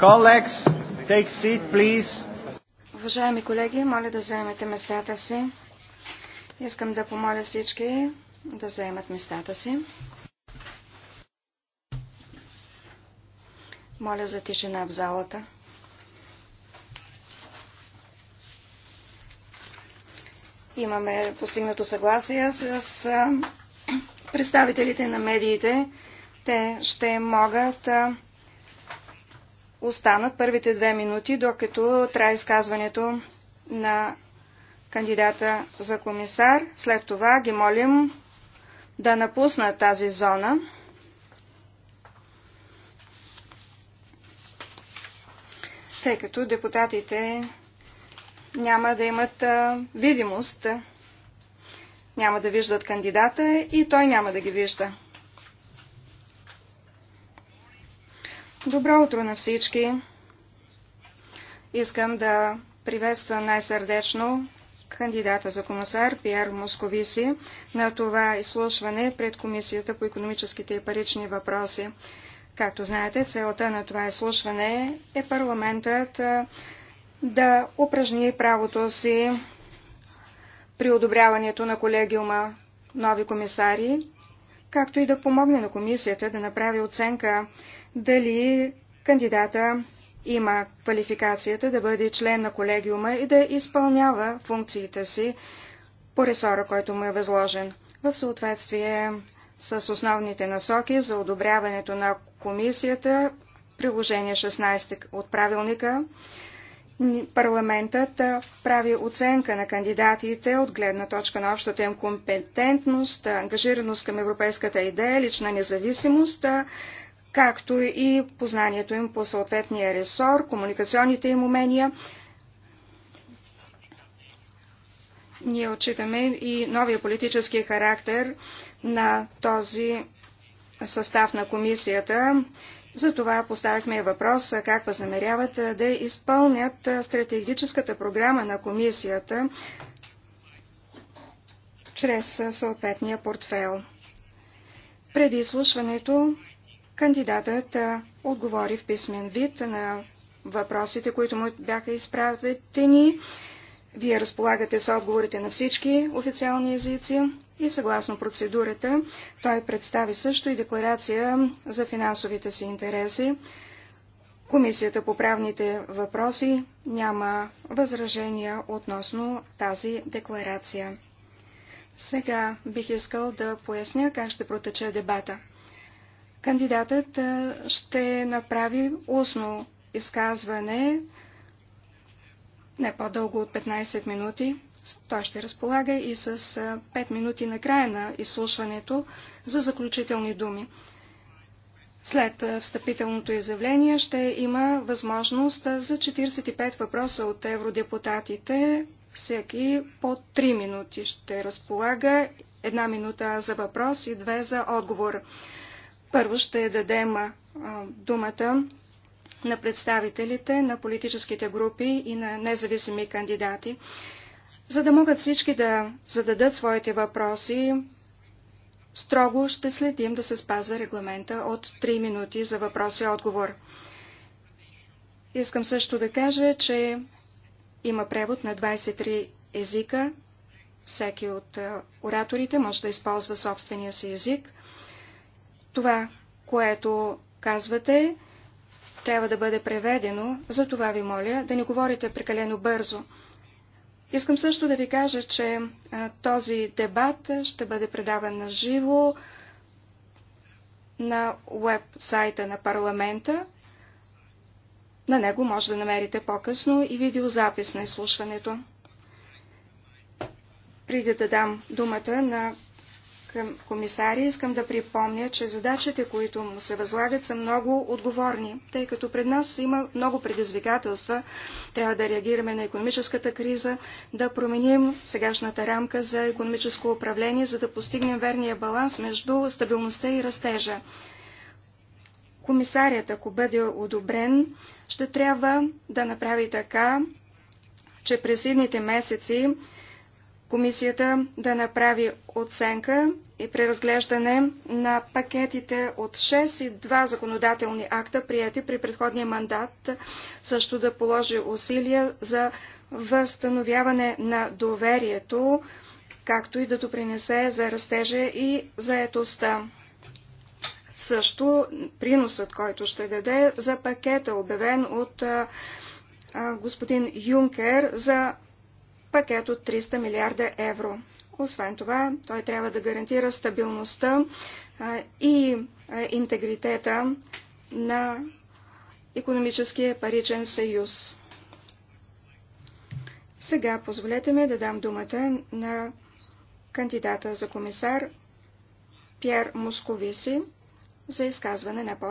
Colleagues, take seat, please. Уважаеми колеги, моля да заемете местата си. Искам да помоля всички да заемат местата си. Моля за тишина в залата. Имаме постигнато съгласие с представителите на медиите. Те ще могат останат първите две минути, докато трае изказването на кандидата за комисар. След това ги молим да напуснат тази зона. тъй като депутатите няма да имат видимост, няма да виждат кандидата и той няма да ги вижда. Добро утро на всички! Искам да приветствам най-сърдечно кандидата за комисар Пиер Московиси на това изслушване пред Комисията по економическите и парични въпроси. Както знаете, целта на това изслушване е парламентът да упражни правото си при одобряването на колегиума нови комисари както и да помогне на комисията да направи оценка дали кандидата има квалификацията да бъде член на колегиума и да изпълнява функциите си по ресора, който му е възложен, в съответствие с основните насоки за одобряването на комисията, приложение 16 от правилника, парламентът прави оценка на кандидатите от гледна точка на общата им компетентност, ангажираност към европейската идея, лична независимост, както и познанието им по съответния ресор, комуникационните им умения. Ние отчитаме и новия политически характер на този състав на комисията затова поставихме въпрос как възнамеряват да изпълнят стратегическата програма на комисията чрез съответния портфел. Преди изслушването кандидатът отговори в писмен вид на въпросите, които му бяха изправени вие разполагате с отговорите на всички официални езици и съгласно процедурата той представи също и декларация за финансовите си интереси. Комисията по правните въпроси няма възражения относно тази декларация. Сега бих искал да поясня как ще протече дебата. Кандидатът ще направи устно изказване не по-дълго от 15 минути. Той ще разполага и с 5 минути на края на изслушването за заключителни думи. След встъпителното изявление ще има възможност за 45 въпроса от евродепутатите. Всеки по 3 минути ще разполага една минута за въпрос и две за отговор. Първо ще дадем думата на представителите на политическите групи и на независими кандидати, за да могат всички да зададат своите въпроси. Строго ще следим да се спазва регламента от 3 минути за въпрос и отговор. Искам също да кажа, че има превод на 23 езика. Всеки от ораторите може да използва собствения си език. Това, което казвате, трябва да бъде преведено, за това ви моля да не говорите прекалено бързо. Искам също да ви кажа, че а, този дебат ще бъде предаван на живо на веб-сайта на парламента. На него може да намерите по-късно и видеозапис на изслушването. Преди да дам думата на към комисари, искам да припомня, че задачите, които му се възлагат, са много отговорни, тъй като пред нас има много предизвикателства. Трябва да реагираме на економическата криза, да променим сегашната рамка за економическо управление, за да постигнем верния баланс между стабилността и растежа. Комисарият, ако бъде одобрен, ще трябва да направи така, че през идните месеци комисията да направи оценка и преразглеждане на пакетите от 6 и 2 законодателни акта, прияти при предходния мандат, също да положи усилия за възстановяване на доверието, както и да допринесе за растежа и заетостта. Също приносът, който ще даде за пакета, обявен от господин Юнкер за пакет от 300 милиарда евро. Освен това, той трябва да гарантира стабилността и интегритета на економическия паричен съюз. Сега позволете ми да дам думата на кандидата за комисар Пьер Московиси за изказване на под